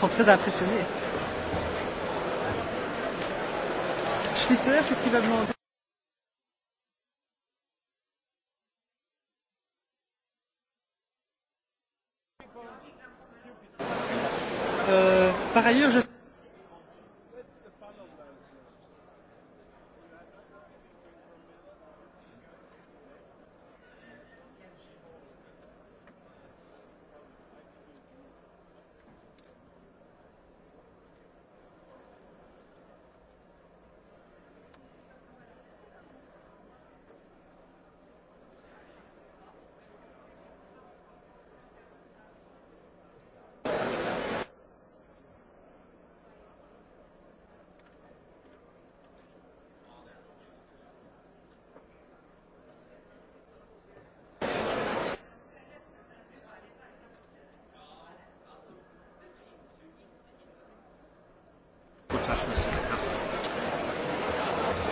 sont très impressionnés. Peter, qu'est-ce qu'il va demander euh, Par ailleurs, je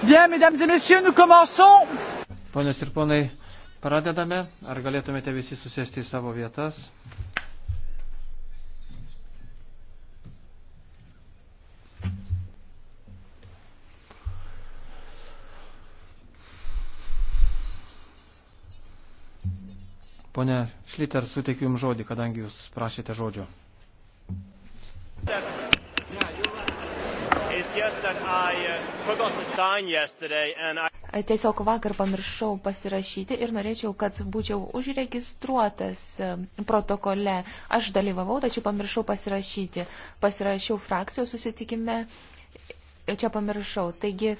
Bien, mesdames et messieurs, nous commençons. Ponios ir ponai, pradedame. Ar galėtumėte visi susėsti į savo vietas? Pone Šliter, suteikiu Jums žodį, kadangi Jūs prašėte žodžio. Yeah, Uh, tiesiog vakar pamiršau pasirašyti ir norėčiau, kad būčiau užregistruotas um, protokole. Aš dalyvavau, tačiau pamiršau pasirašyti. Pasirašiau frakcijos susitikime, čia pamiršau. Taigi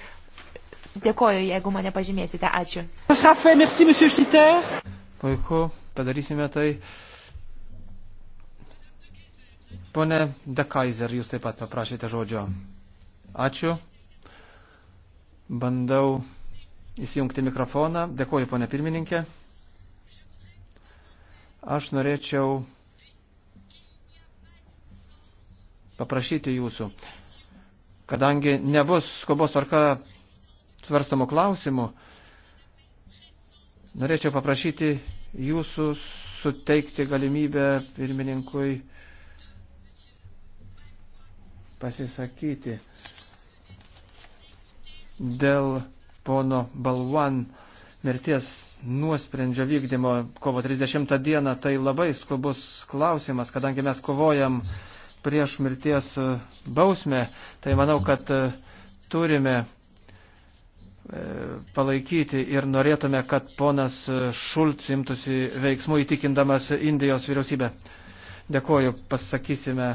dėkoju, jeigu mane pažymėsite. Ačiū. Puiku, padarysime tai. Pone De Kaiser, jūs taip pat paprašėte žodžio. Ačiū. Bandau įsijungti mikrofoną. Dėkuoju, ponė pirmininkė. Aš norėčiau paprašyti jūsų, kadangi nebus skubos tvarka svarstamų klausimų, norėčiau paprašyti jūsų suteikti galimybę pirmininkui pasisakyti dėl pono Balvan mirties nuosprendžio vykdymo kovo 30 dieną, tai labai skubus klausimas, kadangi mes kovojam prieš mirties bausmę, tai manau, kad e, turime e, palaikyti ir norėtume, kad ponas Šulc imtųsi veiksmų įtikindamas Indijos vyriausybę. Dėkoju, pasakysime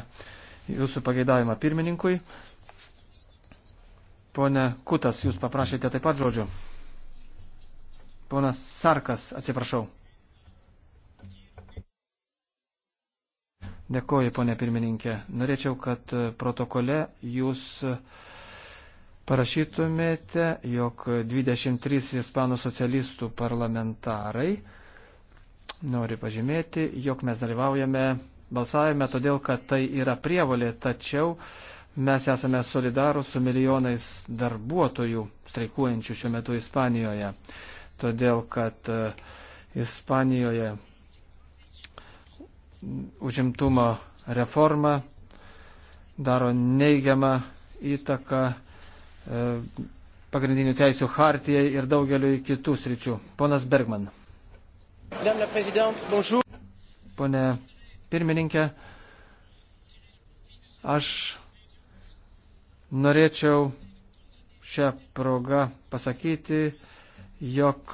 jūsų pageidavimą pirmininkui. Pone Kutas, jūs paprašėte taip pat žodžio. Ponas Sarkas, atsiprašau. Dėkoju, ponė pirmininkė. Norėčiau, kad protokole jūs parašytumėte, jog 23 ispanų socialistų parlamentarai nori pažymėti, jog mes dalyvaujame balsavime, todėl kad tai yra prievalė, tačiau Mes esame solidarūs su milijonais darbuotojų streikuojančių šiuo metu Ispanijoje, todėl kad e, Ispanijoje užimtumo reforma daro neigiamą įtaką e, pagrindinių teisų hartijai ir daugeliu kitų sričių. Ponas Bergman. Pone pirmininkė, aš Norėčiau šią progą pasakyti, jog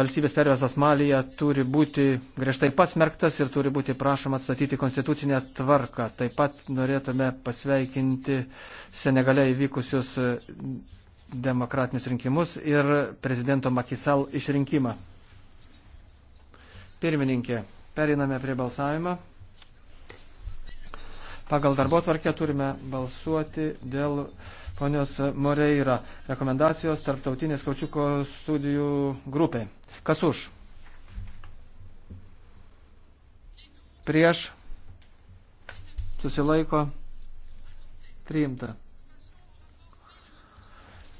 valstybės pervesas Malija turi būti griežtai pasmerktas ir turi būti prašoma atstatyti konstitucinę tvarką. Taip pat norėtume pasveikinti Senegale įvykusius demokratinius rinkimus ir prezidento Makisal išrinkimą. Pirmininkė, periname prie balsavimo. Pagal darbo tvarkę turime balsuoti dėl ponios Moreira rekomendacijos tarptautinės kaučiuko studijų grupė. Kas už? Prieš? Susilaiko? Priimta.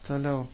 Toliau.